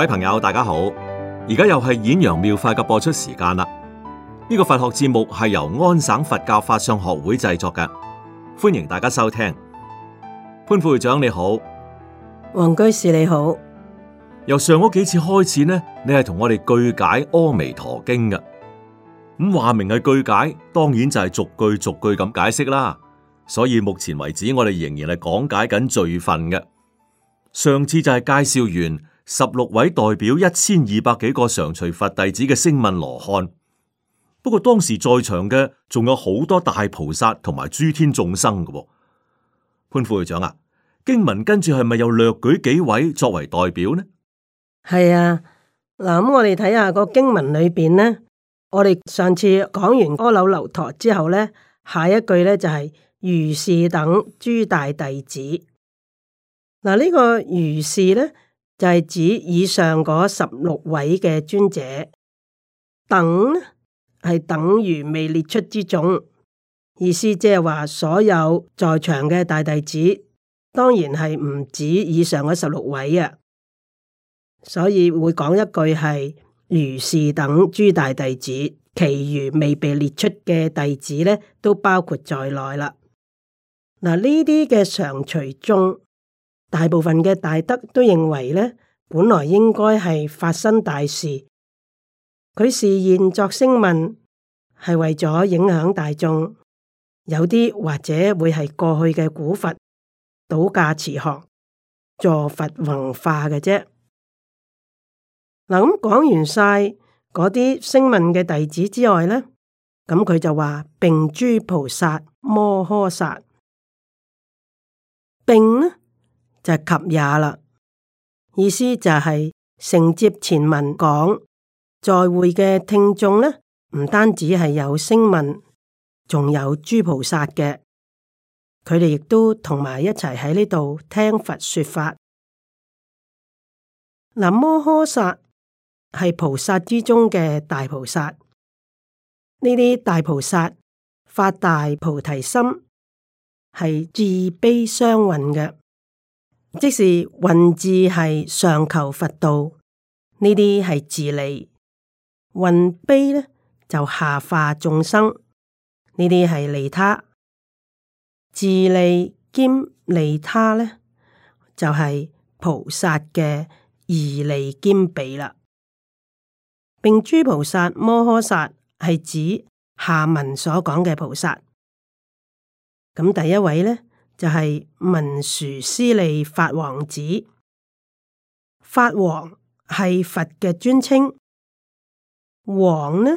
各位朋友，大家好！而家又係演揚妙法嘅播出時間啦。呢、這個佛學節目係由安省佛教法相學會製作嘅，歡迎大家收聽。潘副會長你好，黃居士你好。由上嗰幾次開始呢，你係同我哋句解阿彌陀經嘅。咁話明係句解，當然就係逐句逐句咁解釋啦。所以目前為止，我哋仍然係講解緊正宗分嘅。上次就係介紹完。十六位代表一千二百幾個常隨佛弟子嘅聲聞羅漢，不過當時在場嘅仲有好多大菩薩同埋諸天眾生嘅。潘副會長啊，經文跟住係咪又略舉幾位作為代表呢？係啊，嗱，咁我哋睇下個經文裏邊呢，我哋上次講完阿耨留陀之後呢，下一句呢就係、是，如是等諸大弟子。嗱、呢、呢個如是呢？就係指以上嗰十六位嘅尊者等，係等於未列出之種，意思即係話所有在場嘅大弟子，當然係唔止以上嗰十六位啊，所以會講一句係如是等諸大弟子，其餘未被列出嘅弟子咧，都包括在內啦。嗱，呢啲嘅常隨眾。大部分嘅大德都認為咧，本來應該係發生大事，佢示現作聲聞，係為咗影響大眾。有啲或者會係過去嘅古佛倒駕慈航，助佛宏化嘅啫。嗱，咁講完晒嗰啲聲聞嘅弟子之外咧，咁佢就話並諸菩薩摩訶薩，並呢。就及也啦，意思就係、是、承接前文講，在會嘅聽眾呢，唔單止係有聲聞，仲有諸菩薩嘅，佢哋亦都同埋一齊喺呢度聽佛說法。嗱，摩訶薩係菩薩之中嘅大菩薩，呢啲大菩薩發大菩提心，係慈悲雙運嘅。即是云字，係上求佛道，呢啲係自利；云悲咧就下化眾生，呢啲係利他。自利兼利他咧，就係、是、菩薩嘅二利兼備啦。並諸菩薩摩訶薩係指下文所講嘅菩薩。咁第一位咧？就係文殊師利法王子，法王係佛嘅尊稱，王呢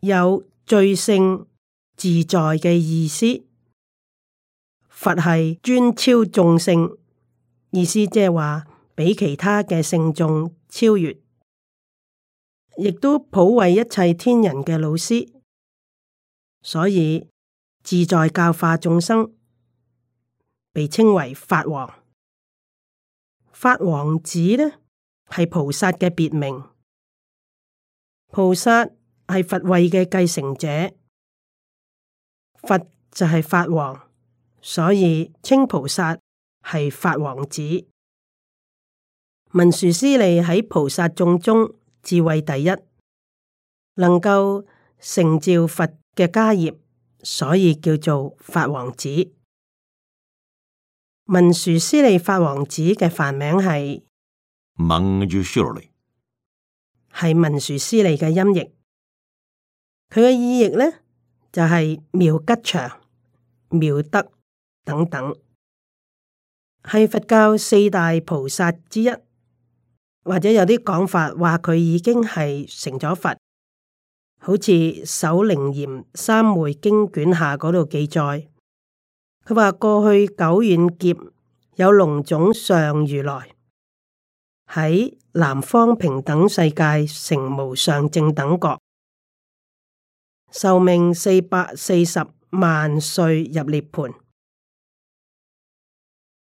有最勝自在嘅意思，佛係尊超眾聖，意思即係話比其他嘅聖眾超越，亦都普為一切天人嘅老師，所以自在教化眾生。被稱為法王，法王子呢，係菩薩嘅別名。菩薩係佛位嘅繼承者，佛就係法王，所以稱菩薩係法王子。文殊師利喺菩薩眾中智慧第一，能夠成照佛嘅家業，所以叫做法王子。文殊師利法王子嘅梵名係，是文殊師利嘅音譯，佢嘅意譯呢就係、是、妙吉祥、妙德等等，係佛教四大菩薩之一，或者有啲講法話佢已經係成咗佛，好似《首楞嚴三昧經卷下》嗰度記載。佢話過去九遠劫有龍種上如來喺南方平等世界成無上正等國，壽命四百四十萬歲入涅槃。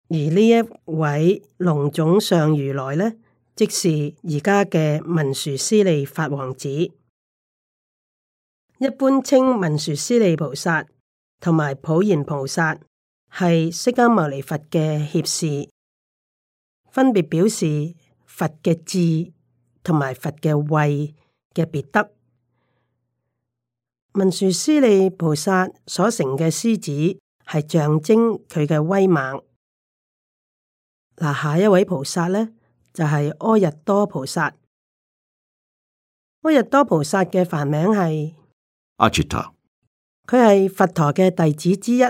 而呢一位龍種上如來呢，即是而家嘅文殊師利法王子，一般稱文殊師利菩薩同埋普賢菩薩。係釋迦牟尼佛嘅脅侍，分別表示佛嘅智同埋佛嘅慧嘅別德。文殊師利菩薩所成嘅獅子，係象徵佢嘅威猛。嗱，下一位菩薩咧，就係、是、阿逸多菩薩。阿逸多菩薩嘅梵名係阿徹塔，佢係佛陀嘅弟子之一。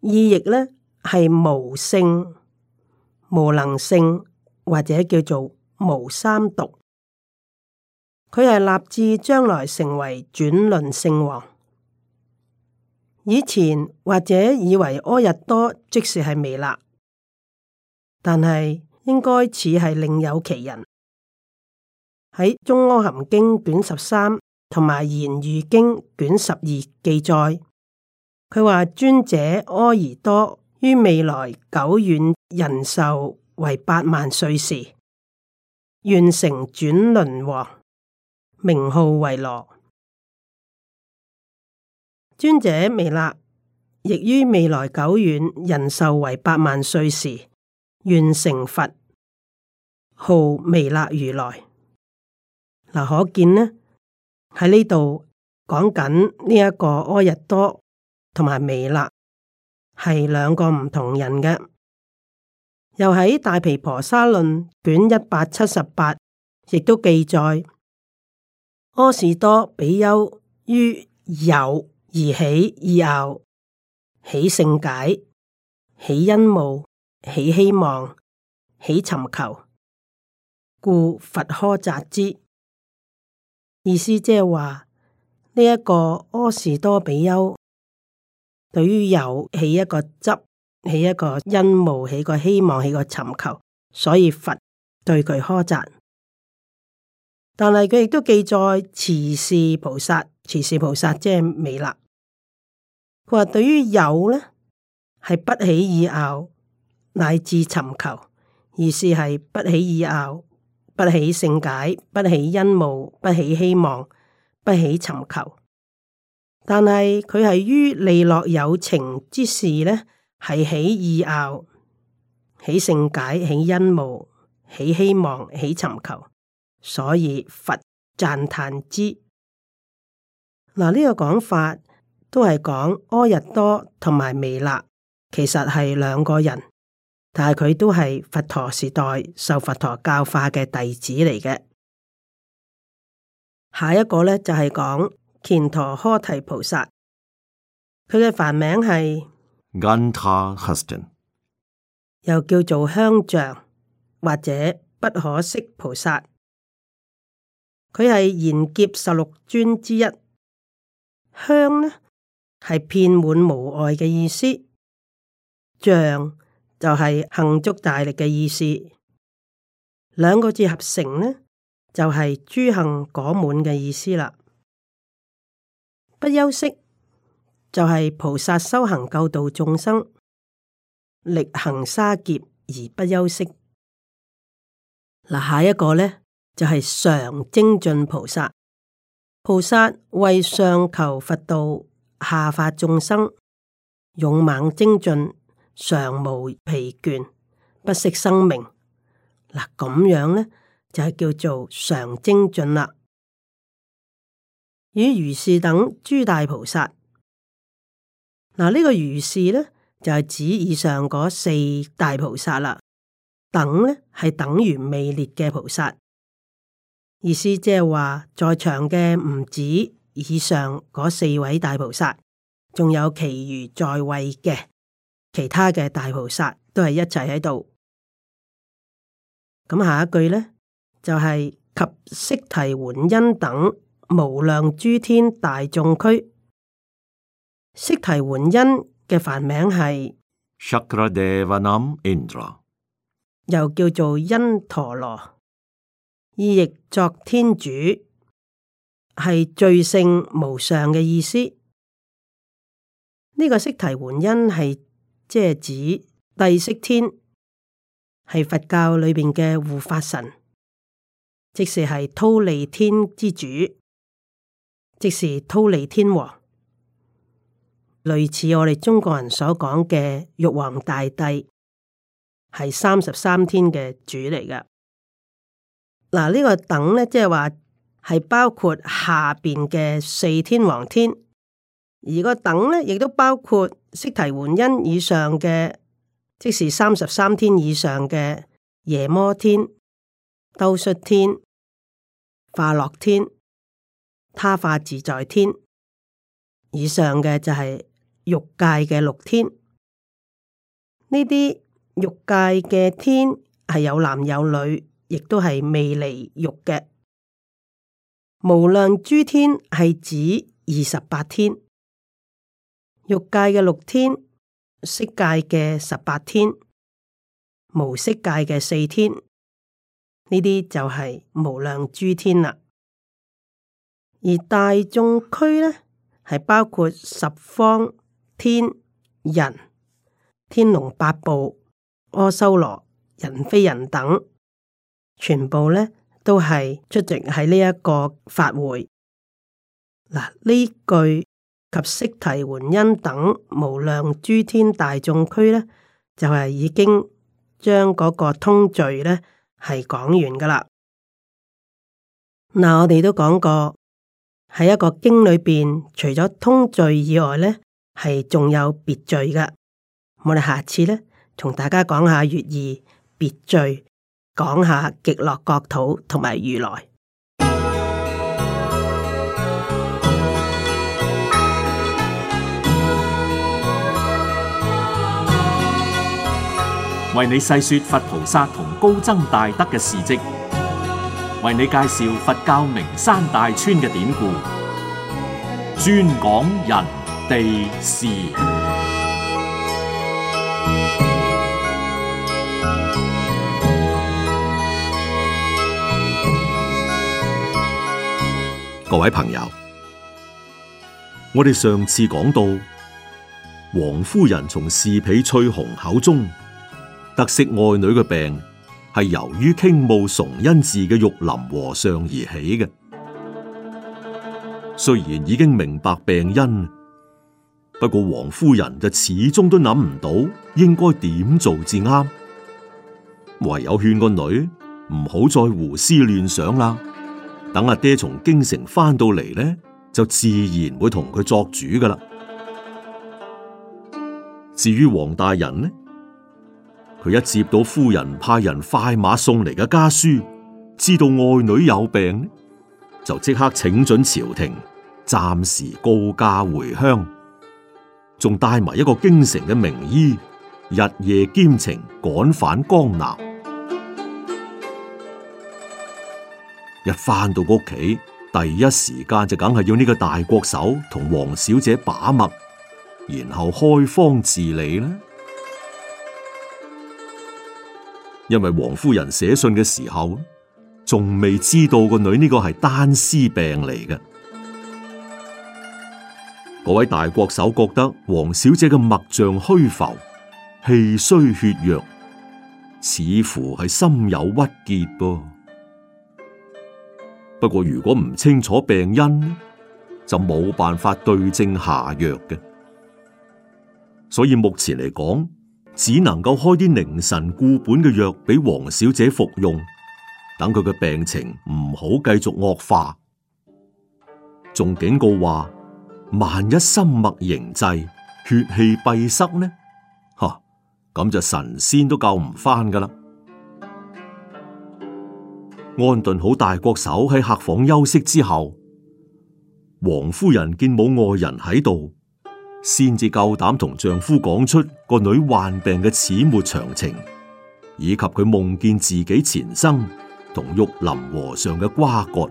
意譯呢係無勝、無能勝，或者叫做無三毒，佢係立志將來成為轉輪聖王。以前或者以為阿逸多即是係彌勒，但係應該似係另有其人。喺《中阿含經》卷十三同埋《賢愚經》卷十二記載。佢話，尊者阿逸多於未來久遠人壽為八萬歲時，願成轉輪王，名號為羅尊者，彌勒亦於未來久遠人壽為八萬歲時，願成佛號彌勒如來。嗱，可見呢，喺呢度講緊呢一個阿逸多。同埋微辣係兩個唔同人嘅，又喺大毗婆沙論卷一百七十八亦都記載，柯士多比丘於有而起有，起勝解，起恩慕，起希望，起尋求，故佛訶責之。意思即係話呢一個柯士多比丘，對於有，起一個執，起一個因慕，起個希望，起個尋求，所以佛對佢苛責。但係佢亦都記載慈氏菩薩，慈氏菩薩即係彌勒。佢話對於有呢係不起以拗，乃至尋求，意思係不起以拗，不起性解，不起因慕，不起希望，不起尋求。但係佢係於利樂有情之事呢係起意拗，起勝解，起因慕，起希望，起尋求，所以佛讚嘆之。嗱呢個講法都係講阿逸多同埋彌勒，其實係兩個人，但係佢都係佛陀時代受佛陀教化嘅弟子嚟嘅。下一個呢，就係講。乾陀訶提菩薩，佢嘅梵名係 Ganita Huston，又叫做香像或者不可識菩薩。佢係賢劫十六尊之一。香呢係遍滿無礙嘅意思，像就係行足大力嘅意思。兩個字合成呢，就係諸行果滿嘅意思啦。不休息就係、是、菩薩修行救度眾生，力行沙劫而不休息。嗱，下一個呢，就係、是、常精進菩薩，菩薩為上求佛道，下化眾生，勇猛精進，常無疲倦，不惜生命。嗱，咁樣呢，就係叫做常精進啦。與如是等諸大菩薩，嗱、這個、呢個如是咧，就係指以上嗰四大菩薩啦。等咧係等於未列嘅菩薩，意思即係話在場嘅唔止以上嗰四位大菩薩，仲有其餘在位嘅其他嘅大菩薩都係一齊喺度。咁、嗯、下一句咧，就係、是、及釋提桓因等。無量諸天大眾俱，釋提桓因嘅梵名係 Shakra Devanam Indra，又叫做因陀羅，意譯作天主，係最聖無上嘅意思。呢、這個釋提桓因係即係指帝釋天，係佛教裏邊嘅護法神，即是係忉利天之主。即是忉利天王，類似我哋中國人所講嘅玉皇大帝，係三十三天嘅主嚟㗎。嗱，呢、這個等呢，即係話係包括下面嘅四天王天，而個等呢，亦都包括釋提桓因以上嘅，即是三十三天以上嘅夜摩天、兜率天、化樂天。他化自在天以上嘅就係欲界嘅六天，呢啲欲界嘅天係有男有女，亦都係未離欲嘅。無量諸天係指二十八天、欲界嘅六天、色界嘅十八天、無色界嘅四天，呢啲就係無量諸天啦。而大眾俱咧，係包括十方天人、天龍八部、阿修羅、人非人等，全部咧都係出席喺呢一個法會。嗱，呢句及釋提桓因等無量諸天大眾俱咧，就係、是、已經將嗰個通序咧係講完噶啦。嗱，我哋都講過。喺一個經裏邊，除咗通序以外呢，係仲有別序噶我哋下次呢，同大家講下月《月義別序」，講下極樂國土同埋如來。為你細說佛菩薩同高僧大德嘅事跡。為你介紹佛教名山大川嘅典故，專講人地事。士各位朋友，我哋上次講到，王夫人從侍婢翠紅口中得悉愛女嘅病，係由於傾慕崇恩寺嘅玉林和尚而起嘅。雖然已經明白病因，不過黃夫人就始終都諗唔到應該點做至啱，唯有勸個女唔好再胡思亂想啦。等阿爹從京城翻到嚟呢，就自然會同佢作主噶啦。至於黃大人呢？佢一接到夫人派人快馬送嚟嘅家書，知道愛女有病，就即刻請准朝廷暫時告假回鄉，仲帶埋一個京城嘅名醫，日夜兼程趕返江南。一翻到屋企，第一時間就梗係要呢個大國手同黃小姐把脈，然後開方治理啦。因為王夫人寫信嘅時候，仲未知道個女呢個係單思病嚟嘅。嗰 位大國手覺得黃小姐嘅脈象虛浮，氣虛血弱，似乎係心有鬱結噃。不過如果唔清楚病因，就冇辦法對症下藥嘅。所以目前嚟講。只能夠開啲凝神固本嘅藥俾黃小姐服用，等佢嘅病情唔好繼續惡化。仲警告話，萬一心脈凝滯、血氣閉塞呢？吓咁就神仙都救唔翻噶啦。安頓好大國手喺客房休息之後，黃夫人見冇外人喺度。先至夠膽同丈夫講出個女患病嘅始末詳情，以及佢夢見自己前生同玉林和尚嘅瓜葛。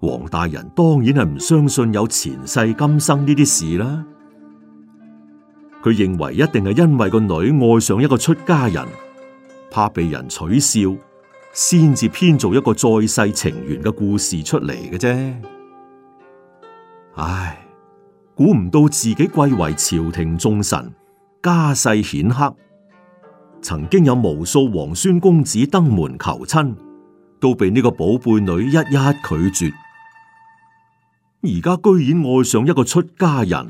王大人當然係唔相信有前世今生呢啲事啦。佢認為一定係因為個女愛上一個出家人，怕被人取笑，先至編造一個再世情緣嘅故事出嚟嘅啫。唉。估唔到自己貴為朝廷重臣，家世顯赫，曾經有無數皇孫公子登門求親，都被呢個寶貝女一一拒絕。而家居然愛上一個出家人，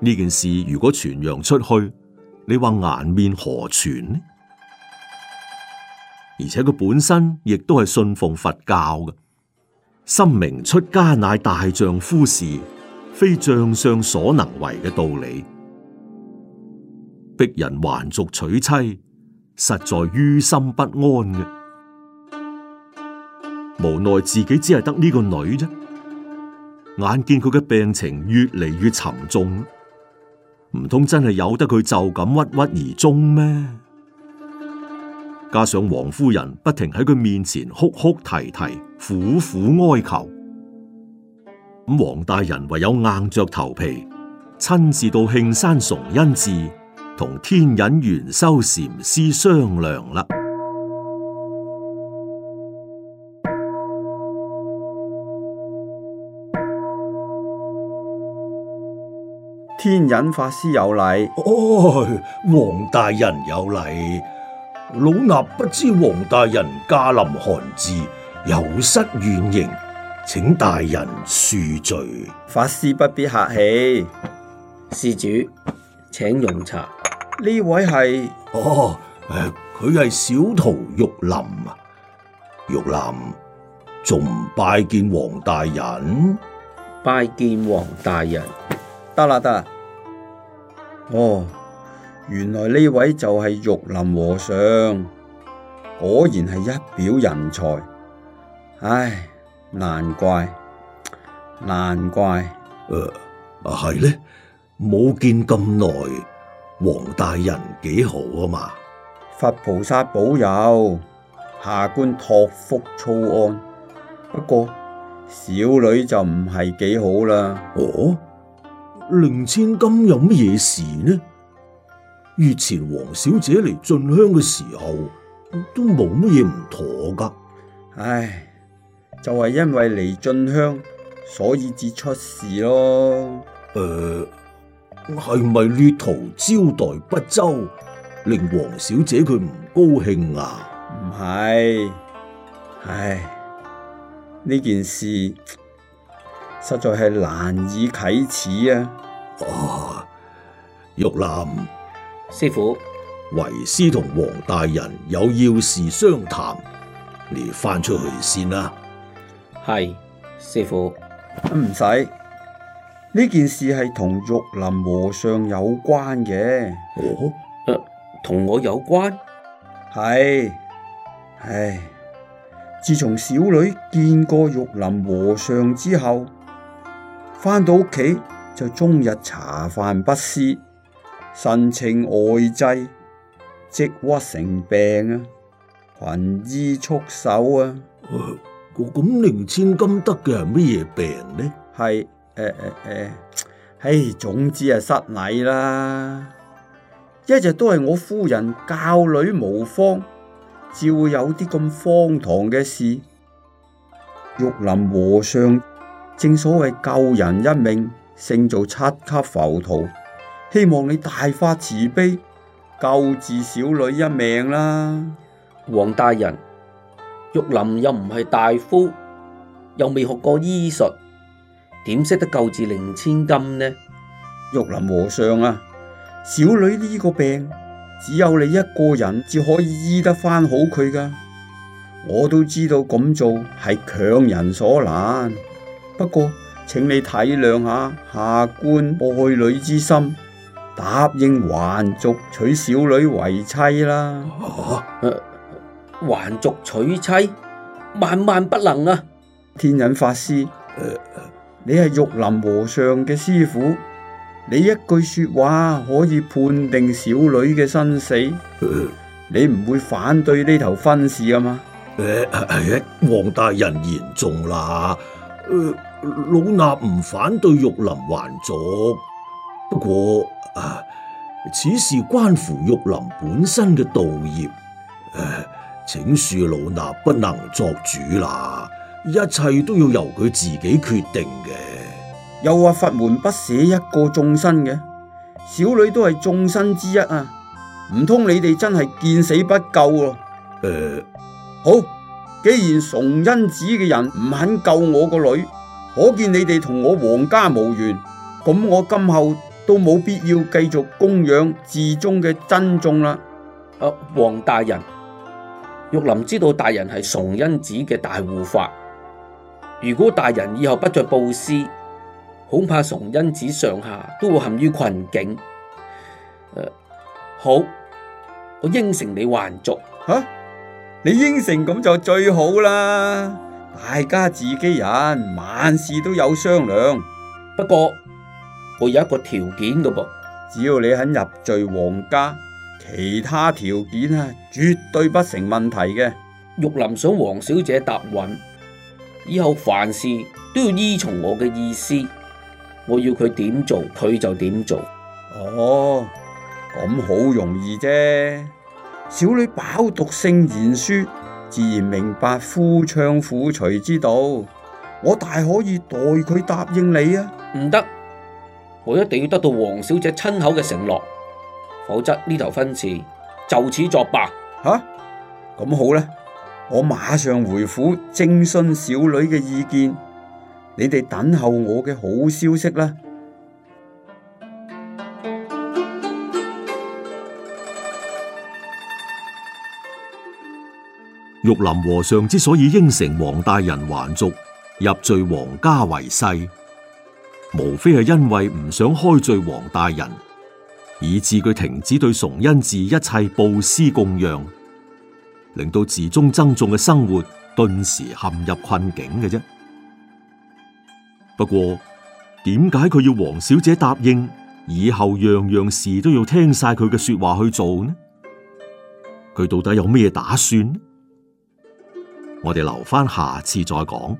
呢件事如果傳揚出去，你話顏面何存呢？而且佢本身亦都係信奉佛教嘅，深明出家乃大丈夫事。非將相所能為嘅道理，逼人還俗娶妻，實在於心不安嘅。無奈自己只係得呢個女啫，眼見佢嘅病情越嚟越沉重，唔通真係由得佢就咁鬱鬱而終咩？加上王夫人不停喺佢面前哭哭啼啼，苦苦哀求。咁王大人唯有硬着頭皮，親自到慶山崇恩寺同天隱元修禪師商量啦。天隱法師有禮，哦，王大人有禮。老衲不知王大人駕臨寒寺，有失遠迎。請大人恕罪。法師不必客氣，施主請用茶。呢位係，哦，佢、呃、係小徒玉林啊。玉林仲唔拜見王大人。拜見王大人。得啦得。哦，原來呢位就係玉林和尚，果然係一表人才，唉。難怪，難怪。誒、呃，係咧，冇見咁耐，黃大人幾好啊嘛？佛菩薩保佑，下官托福操安。不過小女就唔係幾好啦、啊。哦，令千金有乜嘢事呢？月前黃小姐嚟進香嘅時候，都冇乜嘢唔妥噶。唉。就係因為嚟進香，所以至出事咯。誒、呃，係咪劣徒招待不周，令王小姐佢唔高興啊？唔係，唉，呢件事實在係難以啟齒啊！哦，玉林師傅父，為師同王大人有要事商談，你翻出去先啦。係師父，唔使。呢件事係同玉林和尚有關嘅。哦、呃、同我有關？係，唉，自從小女見過玉林和尚之後，翻到屋企就終日茶飯不思，神情呆滯，積鬱成病啊，群醫束手啊。呃我咁令千金得嘅係乜嘢病呢？係，誒誒誒，唉，總之係失禮啦。一直都係我夫人教女無方，至會有啲咁荒唐嘅事。玉林和尚，正所謂救人一命勝造七級浮屠，希望你大發慈悲，救治小女一命啦，王大人。玉林又唔係大夫，又未學過醫術，點識得救治令千金呢？玉林和尚啊，小女呢個病，只有你一個人至可以醫得翻好佢噶。我都知道咁做係強人所難，不過請你體諒下下官愛女之心，答應還俗娶小女為妻啦。啊還俗娶妻，萬萬不能啊！天隱法師，呃、你係玉林和尚嘅師傅，你一句說話可以判定小女嘅生死，呃、你唔會反對呢頭婚事，啊嘛？呃呃，王大人言重啦、呃，老衲唔反對玉林還俗，不過啊、呃，此事關乎玉林本身嘅道業，呃請恕老衲不能作主啦，一切都要由佢自己決定嘅。又話佛門不捨一個眾生嘅，小女都係眾生之一啊！唔通你哋真係見死不救、啊？誒、呃，好，既然崇恩寺嘅人唔肯救我個女，可見你哋同我皇家無緣。咁我今後都冇必要繼續供養寺中嘅僧眾啦。誒、呃，王大人。玉林知道大人係崇恩子嘅大護法，如果大人以後不再布施，恐怕崇恩子上下都會陷於困境，呃，好，我應承你還俗。吓，啊，你應承咁就最好啦，大家自己人，萬事都有商量。不過我有一個條件，噶噃，只要你肯入贅皇家。其他條件啊，絕對不成問題嘅。玉林想，王小姐答允，以後凡事都要依從我嘅意思，我要佢點做，佢就點做。哦，咁好容易啫。小女飽讀聖賢書，自然明白夫唱婦隨之道，我大可以代佢答應你啊。唔得，我一定要得到王小姐親口嘅承諾。否則呢頭婚事就此作罷吓。咁、啊、好咧，我馬上回府徵詢小女嘅意見，你哋等候我嘅好消息啦。玉林和尚之所以應承王大人還俗入贅王家為婿，無非係因為唔想開罪王大人。以致佢停止對崇恩寺一切布施供養，令到寺中僧眾嘅生活頓時陷入困境嘅啫。不過，點解佢要黃小姐答應以後樣樣事都要聽晒佢嘅說話去做呢？佢到底有咩打算呢？我哋留翻，下次再講。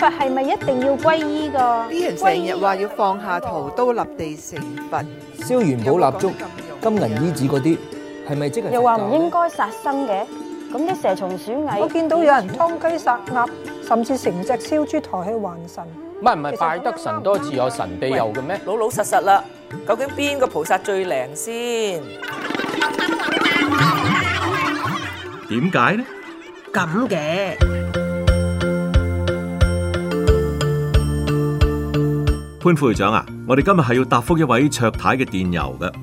佛係咪一定要皈依噶？啲人成日話要放下屠刀立地成佛，燒元寶蠟燭、金銀衣紙嗰啲，係咪即係？又話唔應該殺生嘅，咁啲蛇蟲鼠蟻，我見到有人劏雞殺鴨，甚至成隻燒豬抬去還神。唔係唔係，拜得神多自有神庇佑嘅咩？老老實實啦，究竟邊個菩薩最靈先？點解呢？咁嘅。潘副會長啊，我哋今日係要答复一位卓太嘅電郵嘅。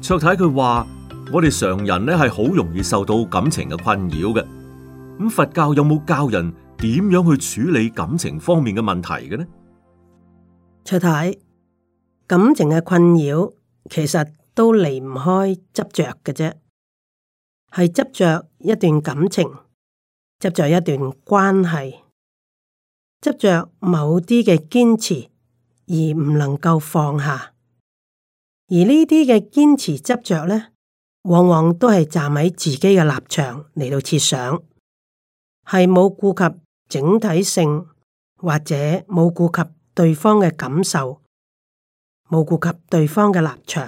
卓太佢話：我哋常人咧，係好容易受到感情嘅困擾嘅。咁佛教有冇教人點樣去處理感情方面嘅問題嘅呢？卓太，感情嘅困擾其實都離唔開執着嘅啫，係執着一段感情，執着一段關係，執着某啲嘅堅持。而唔能夠放下，而呢啲嘅堅持執着呢，往往都係站喺自己嘅立場嚟到設想，係冇顧及整體性，或者冇顧及對方嘅感受，冇顧及對方嘅立場。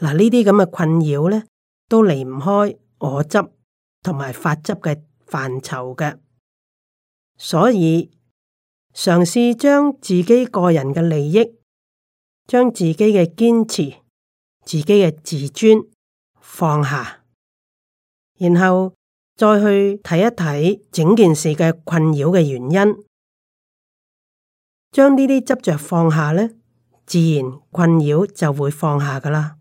嗱，呢啲咁嘅困擾呢，都離唔開我執同埋法執嘅範疇嘅，所以，嘗試將自己個人嘅利益、將自己嘅堅持、自己嘅自尊放下，然後再去睇一睇整件事嘅困擾嘅原因，將呢啲執着放下呢，自然困擾就會放下㗎喇。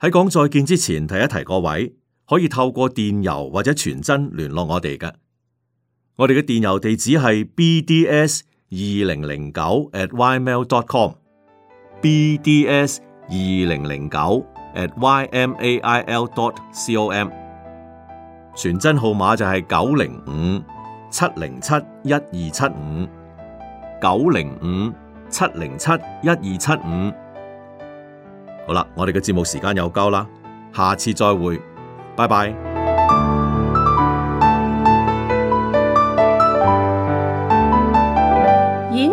喺講再見之前，提一提各位可以透過電郵或者傳真聯絡我哋嘅。我哋嘅電郵地址係 bds 二零零九 at ymail.com，bds 二零零九 at ymail.com。傳真號碼就係九零五七零七一二七五，九零五七零七一二七五。好啦，我哋嘅節目時間又夠啦，下次再會，拜拜。